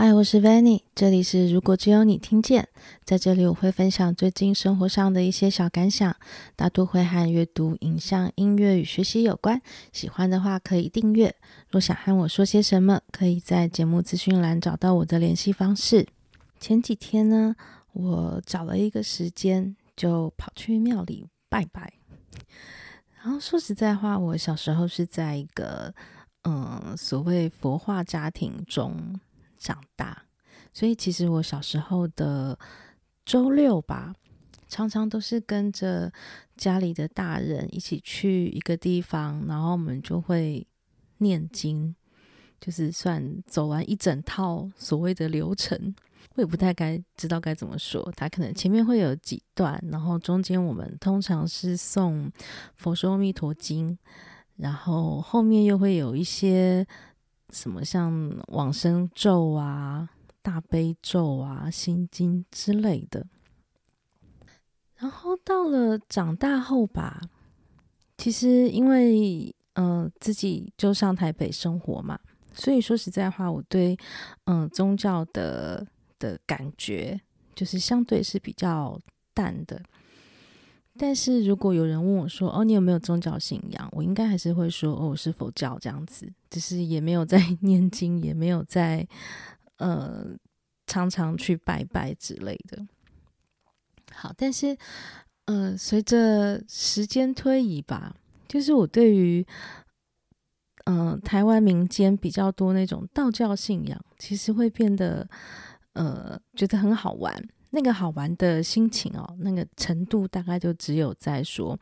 嗨，Hi, 我是 Vanny，這裡是如果只有你聽見。在這裡我會分享最近生活上的一些小感想，大多會和閱讀、影像、音樂與學習有關。喜歡的話可以訂閱。若想和我說些什麼，可以在節目資訊欄找到我的聯繫方式。前幾天呢，我找了一個時間就跑去廟裡拜拜。然後說實在話，我小時候是在一個嗯所謂佛化家庭中長大，所以其實我小時候的周六吧，常常都是跟着家裡的大人一起去一個地方，然後我們就會念經，就是算走完一整套所謂的流程。我也不太該知道該怎麼說，它可能前面會有幾段，然後中間我們通常是誦《佛說阿彌陀經》，然後後面又會有一些。什麼像往生咒啊、大悲咒啊、心經之類的。然後到了長大後吧，其實因為嗯、呃、自己就上台北生活嘛，所以說實在話，我對嗯、呃、宗教的的感覺，就是相對是比較淡的。但是如果有人問我說：“哦，你有沒有宗教信仰？”我應該還是會說：“哦，我是佛教這樣子。”只是也沒有在念經，也沒有在呃常常去拜拜之類的。好，但是嗯，呃，隨着時間推移吧，就是我對於嗯，呃，台灣民間比較多那種道教信仰，其實會變得呃覺得很好玩。那個好玩的心情哦，那個程度大概就只有在說，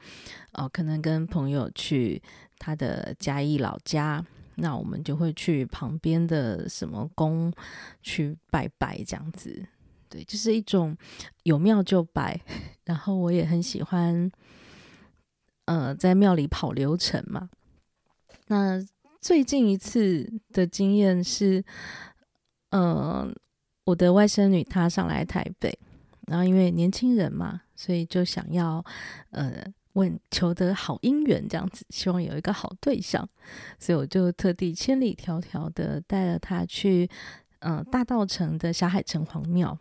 哦，可能跟朋友去他的嘉義老家，那我們就會去旁邊的什麼宮去拜拜這樣子，對，就是一種有廟就拜。然後我也很喜歡，呃，在廟裡跑流程嘛。那最近一次的經驗是，嗯、呃。我的外甥女，她上來台北，然後因為年輕人嘛，所以就想要呃問求得好姻緣，這樣子，希望有一個好對象，所以我就特地千里迢迢的帶了她去呃大稻埕的霞海城隍廟，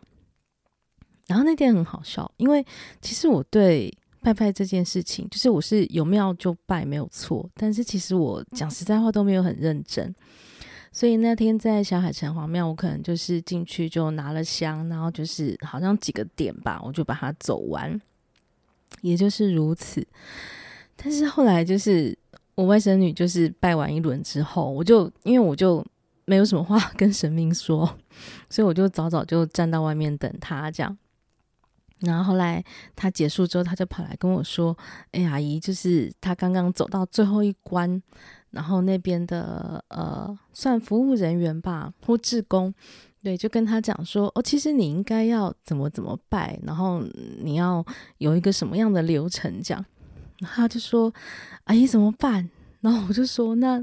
然後那天很好笑，因為其實我對拜拜這件事情，就是我是有廟就拜沒有錯，但是其實我講實在話都沒有很認真。所以那天在小海城隍廟，我可能就是進去就拿了香，然後就是好像幾個點吧，我就把它走完，也就是如此。但是後來就是我外甥女就是拜完一輪之後，我就因為我就沒有什麼話跟神明說，所以我就早早就站到外面等她這樣。然後後來他結束之後，他就跑來跟我說：“哎、欸，阿姨，就是他剛剛走到最後一關，然後那邊的呃，算服務人員吧，或志工，對，就跟他講說，哦，其實你應該要怎麼怎麼拜，然後你要有一個什麼樣的流程，這樣。”然後他就說：“阿姨怎麼辦？”然後我就說：“那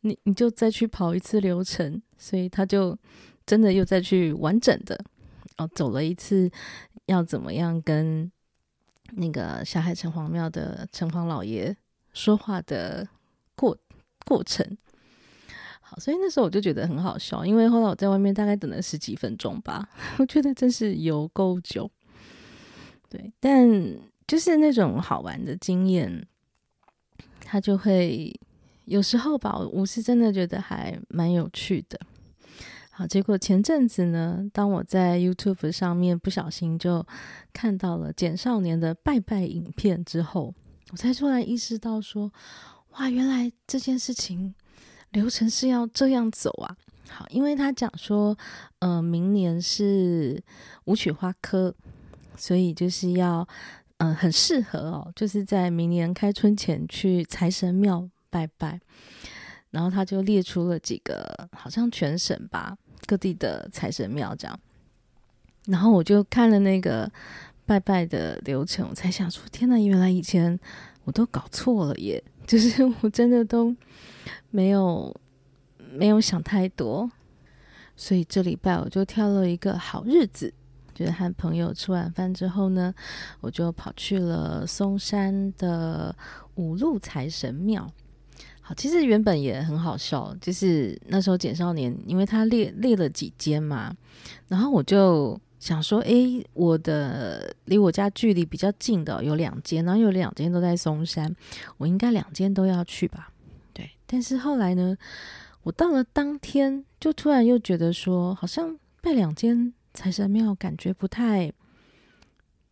你你就再去跑一次流程。”所以他就真的又再去完整的哦走了一次。要怎麼樣跟那個霞海城隍廟的城隍老爺說話的過過程？好，所以那時候我就覺得很好笑，因為後來我在外面大概等了十幾分鐘吧，我覺得真是有夠久。對，但就是那種好玩的經驗，他就會有時候吧，我是真的覺得還蠻有趣的。結果前陣子呢，當我在 YouTube 上面不小心就看到了簡少年的拜拜影片之後，我才突然意識到說，哇，原來這件事情流程是要這樣走啊！好，因為他講說，呃，明年是武曲化科，所以就是要，嗯、呃，很適合哦，就是在明年開春前去財神廟拜拜，然後他就列出了幾個，好像全省吧。各地的財神廟這樣，然後我就看了那個拜拜的流程，我才想說：天吶，原來以前我都搞錯了耶！就是我真的都沒有沒有想太多，所以這禮拜我就挑了一個好日子，就是和朋友吃完飯之後呢，我就跑去了松山的五路財神廟。其實原本也很好笑，就是那時候簡少年，因為他列列了幾間嘛，然後我就想說，誒，我的離我家距離比較近的有兩間，然後有兩間都在松山，我應該兩間都要去吧？對，但是後來呢，我到了當天，就突然又覺得說，好像拜兩間財神廟感覺不太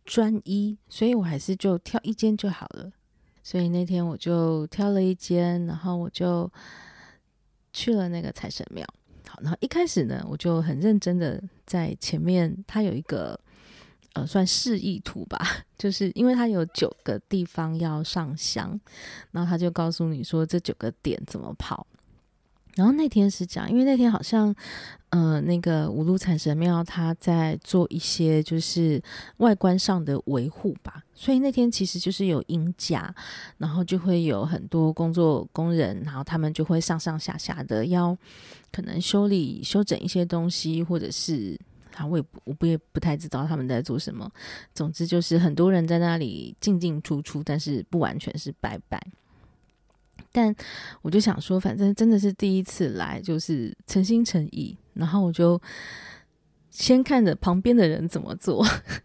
專一，所以我還是就挑一間就好了。所以那天我就挑了一間，然後我就去了那個財神廟。好，然後一開始呢，我就很認真的在前面，他有一個呃算示意圖吧，就是因為他有九個地方要上香，然後他就告訴你說這九個點怎麼跑。然後那天是這樣，因為那天好像，呃，那個五路財神廟他在做一些就是外觀上的維護吧，所以那天其實就是有鷹架，然後就會有很多工作工人，然後他們就會上上下下的要可能修理修整一些東西，或者是啊，我也不我不也不太知道他們在做什麼，總之就是很多人在那裡進進出出，但是不完全是拜拜。但我就想說，反正真的是第一次來，就是誠心誠意。然後我就先看着旁邊的人怎麼做，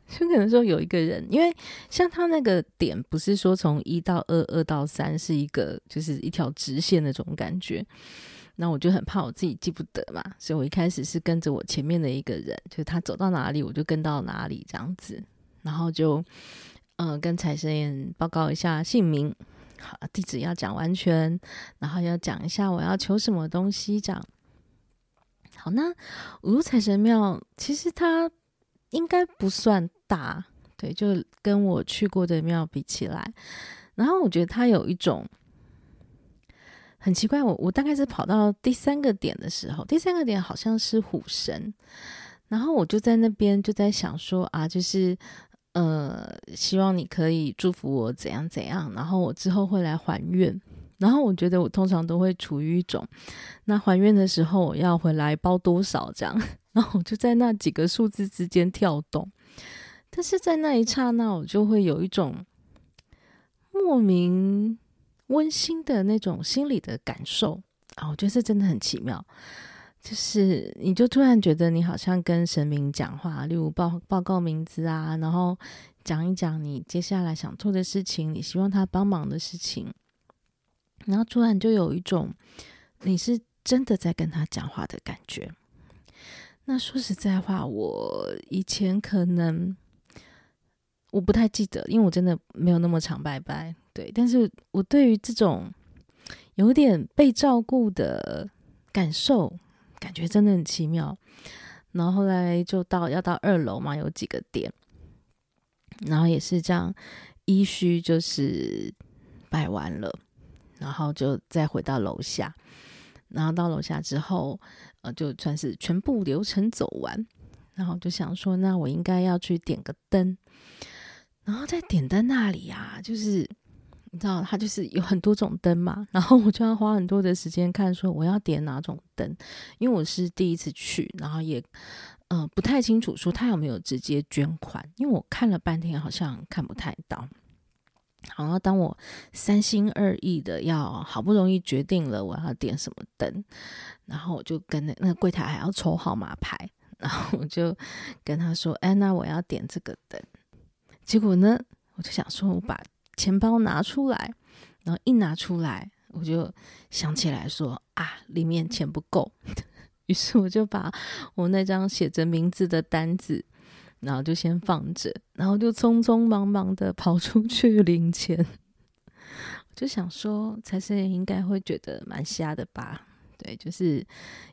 就可能說有一個人，因為像他那個點不是說從一到二、二到三是一個就是一條直線的那種感覺，那我就很怕我自己記不得嘛，所以我一開始是跟着我前面的一個人，就是他走到哪裡我就跟到哪裡這樣子，然後就嗯、呃、跟財神爺報告一下姓名。好，地址要講完全，然後要講一下我要求什麼東西這樣。好，那五路財神廟其實它應該不算大，對，就跟我去過的廟比起來。然後我覺得它有一種很奇怪，我我大概是跑到第三個點的時候，第三個點好像是虎神，然後我就在那邊就在想說啊，就是。呃，希望你可以祝福我怎樣怎樣，然後我之後會來還願。然後我覺得我通常都會處於一種，那還願的時候我要回來包多少這樣，然後我就在那幾個數字之間跳動。但是在那一剎那，我就會有一種莫名溫馨的那種心理的感受啊，我覺得這真的很奇妙。就是，你就突然覺得你好像跟神明講話，例如報報告名字啊，然後講一講你接下來想做的事情，你希望他幫忙的事情，然後突然就有一種你是真的在跟他講話的感覺。那說實在話，我以前可能我不太記得，因為我真的沒有那麼常拜拜，對，但是我對於這種有點被照顧的感受。感覺真的很奇妙，然後後來就到要到二樓嘛，有幾個點，然後也是這樣，依序就是拜完了，然後就再回到樓下，然後到樓下之後，呃，就算是全部流程走完，然後就想說，那我應該要去點個燈，然後在點燈那裡啊，就是。你知道他就是有很多種燈嘛，然後我就要花很多的時間看，說我要點哪種燈，因為我是第一次去，然後也呃不太清楚說他有沒有直接捐款，因為我看了半天好像看不太到。然後當我三心二意的要好不容易決定了我要點什麼燈，然後我就跟那那櫃台還要抽號碼牌，然後我就跟他說：“哎、欸，那我要點這個燈。”結果呢，我就想說我把。錢包拿出來，然後一拿出來，我就想起來說啊，裡面錢不夠， 於是我就把我那張寫着名字的單子，然後就先放着，然後就匆匆忙忙的跑出去領錢。我 就想說，財神爺應該會覺得蠻瞎的吧。對，就是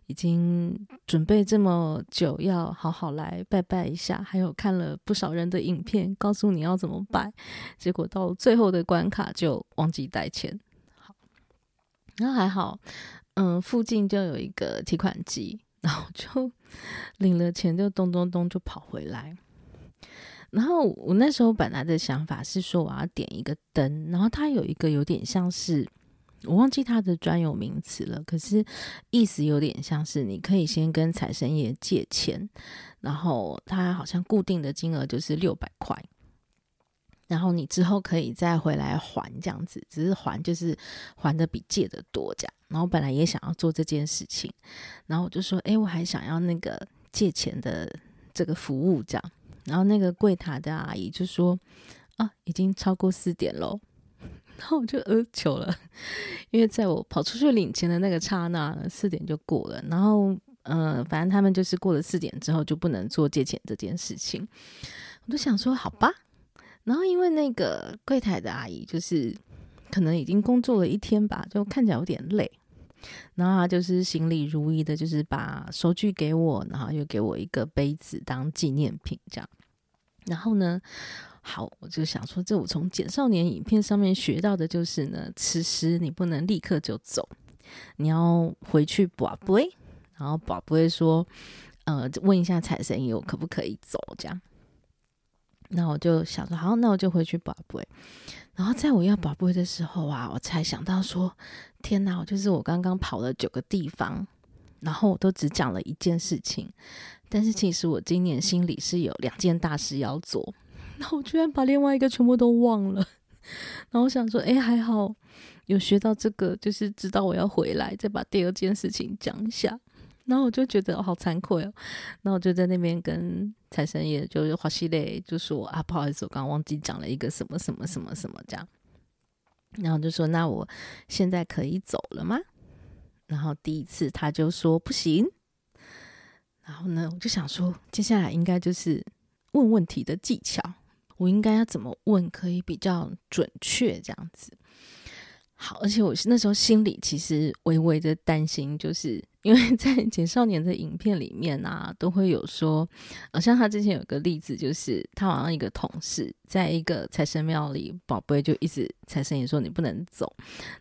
已經準備這麼久，要好好來拜拜一下，還有看了不少人的影片，告訴你要怎麼拜，結果到最後的關卡就忘記帶錢。好，那還好，嗯、呃，附近就有一個提款機，然後就領了錢，就咚咚咚就跑回來。然後我，我，那時候本來的想法是說，我要點一個燈，然後它有一個有點像是。我忘記他的專有名詞了，可是意思有點像是你可以先跟財神爺借錢，然後他好像固定的金額就是六百塊，然後你之後可以再回來還這樣子，只是還就是還的比借的多這樣，然後本來也想要做這件事情，然後我就說，誒，我還想要那個借錢的這個服務這樣。然後那個櫃台的阿姨就說，啊，已經超過四點嘍。然後我就呃求了，因為在我跑出去領錢的那個剎那，四點就過了。然後，嗯、呃，反正他們就是過了四點之後就不能做借錢這件事情。我就想說，好吧。然後，因為那個櫃檯的阿姨就是可能已經工作了一天吧，就看起來有點累。然後她就是行禮如儀的，就是把收據給我，然後又給我一個杯子當紀念品這樣。然後呢？好，我就想說，這我從《簡少年》影片上面學到的就是呢，其實你不能立刻就走，你要回去博杯，然後博杯會說，呃，問一下財神爺，我可不可以走？這樣。那我就想說，好，那我就回去博杯，然後在我要博杯的時候啊，我才想到說，天哪，我就是我剛剛跑了九個地方，然後我都只講了一件事情，但是其實我今年心裡是有兩件大事要做。然後我居然把另外一個全部都忘了，然後我想說，哎，欸，還好有學到這個，就是知道我要回來，再把第二件事情講一下。然後我就覺得，哦，好慚愧哦。那我就在那邊跟財神爺，就是華西雷，就說啊，不好意思，我剛剛忘記講了一個什麼什麼什麼什麼這樣。然後就說，那我現在可以走了嗎？然後第一次他就說不行。然後呢，我就想說，接下來應該就是問問題的技巧。我應該要怎麼問可以比較準確這樣子。好，而且我那時候心裡其實微微的擔心，就是因為在《簡少年》的影片裡面啊，都會有說，好像他之前有個例子，就是他好像一個同事，在一個財神廟裡，寶貝就一直財神爺說你不能走，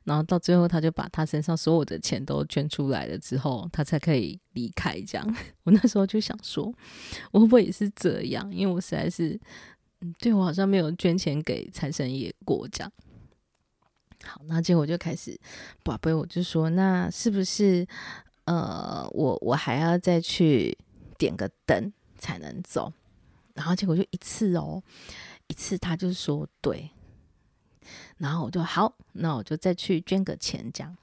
然後到最後他就把他身上所有的錢都捐出來了之後，他才可以離開。這樣，我那時候就想說，我會不會也是這樣？因為我實在是。嗯，對我好像沒有捐錢給財神爺過獎。好，那結果就開始，寶貝，我就說，那是不是呃，我我還要再去點個燈才能走？然後結果就一次哦，一次他就說對，然後我就好，那我就再去捐個錢這樣。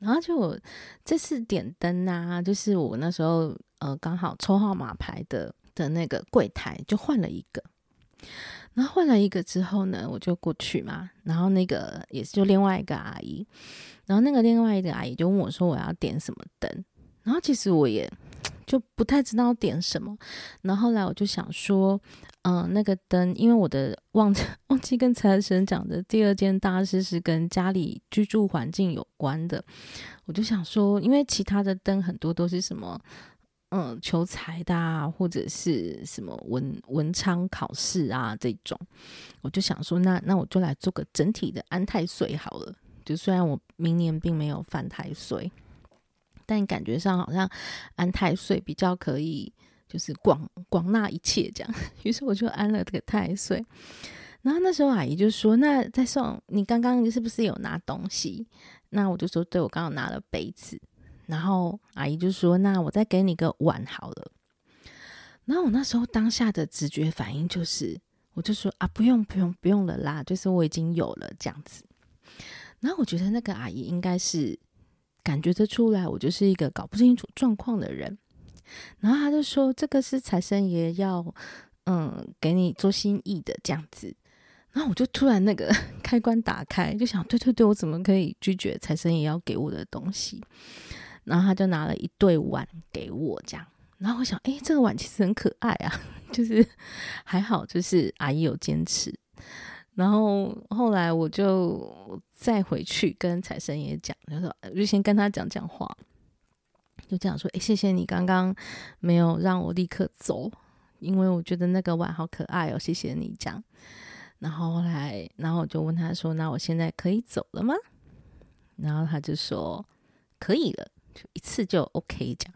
然後就我，這次點燈啊，就是我那時候呃剛好抽號碼牌的的那個櫃檯就換了一個。然後換了一個之後呢，我就過去嘛。然後那個也是就另外一個阿姨，然後那個另外一個阿姨就問我說：“我要點什麼燈？”然後其實我也就不太知道點什麼。然後後來我就想說，嗯、呃，那個燈，因為我的忘忘記跟財神講的第二件大事是跟家裡居住環境有關的，我就想說，因為其他的燈很多都是什麼。嗯，求財的，啊，或者是什麼文文昌考試啊這種，我就想說，那那我就來做個整體的安太歲好了。就雖然我明年並沒有犯太歲，但感覺上好像安太歲比較可以，就是廣廣納一切這樣。於是我就安了這個太歲。然後那時候阿姨就說：“那再送，你剛剛是不是有拿東西？”那我就說：“對，我剛剛拿了杯子。”然後阿姨就說：“那我再給你個碗好了。”然後我那時候當下的直覺反應就是，我就說：“啊，不用不用不用了啦，就是我已經有了這樣子。”然後我覺得那個阿姨應該是感覺得出來，我就是一個搞不清楚狀況的人。然後她就說：“這個是財神爺要，嗯，給你做心意的這樣子。”然後我就突然那個開關打開，就想：“對對對，我怎麼可以拒絕財神爺要給我的東西？”然後他就拿了一對碗給我，這樣。然後我想，哎，這個碗其實很可愛啊，就是還好，就是阿姨有堅持。然後後來我就再回去跟財神爺講，就說就先跟他講講話，就這樣說，哎，謝謝你剛剛沒有讓我立刻走，因為我覺得那個碗好可愛哦，謝謝你這樣。然後後來，然後我就問他說，那我現在可以走了嗎？然後他就說，可以了。就一次就 OK 這樣，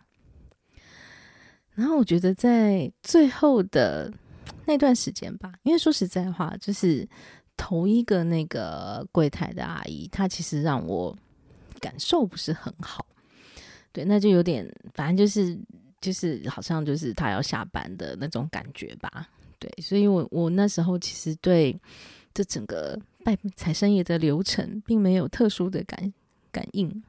然後我覺得在最後的那段時間吧，因為說實在話，就是頭一個那個櫃檯的阿姨，她其實讓我感受不是很好，對，那就有點，反正就是，就是好像就是她要下班的那種感覺吧，對，所以我我那時候其實對這整個拜財神爺的流程並沒有特殊的感，感應。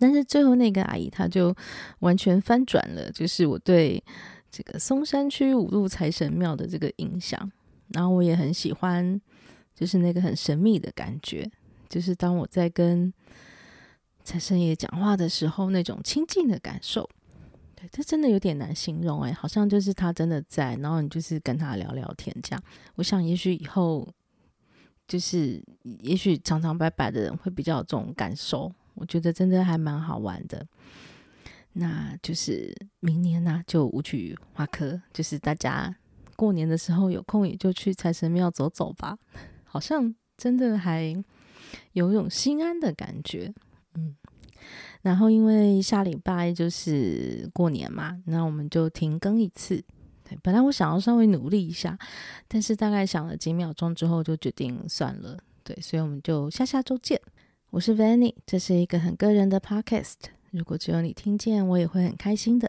但是最後那個阿姨，她就完全翻轉了，就是我對這個松山區五路財神廟的這個印象。然後我也很喜歡，就是那個很神秘的感覺，就是當我在跟財神爺講話的時候，那種親近的感受。對，這真的有點難形容欸，好像就是他真的在，然後你就是跟他聊聊天這樣。我想也許以後，就是也許常常拜拜的人會比較有這種感受。我覺得真的還蠻好玩的，那就是明年呢、啊、就舞曲花科，就是大家過年的時候有空也就去財神廟走走吧，好像真的還有一種心安的感覺，嗯。然後因為下禮拜就是過年嘛，那我們就停更一次。對，本來我想要稍微努力一下，但是大概想了幾秒鐘之後就決定算了。對，所以我們就下下周見。我是 Vanny，這是一個很個人的 Podcast。如果只有你聽見，我也會很開心的。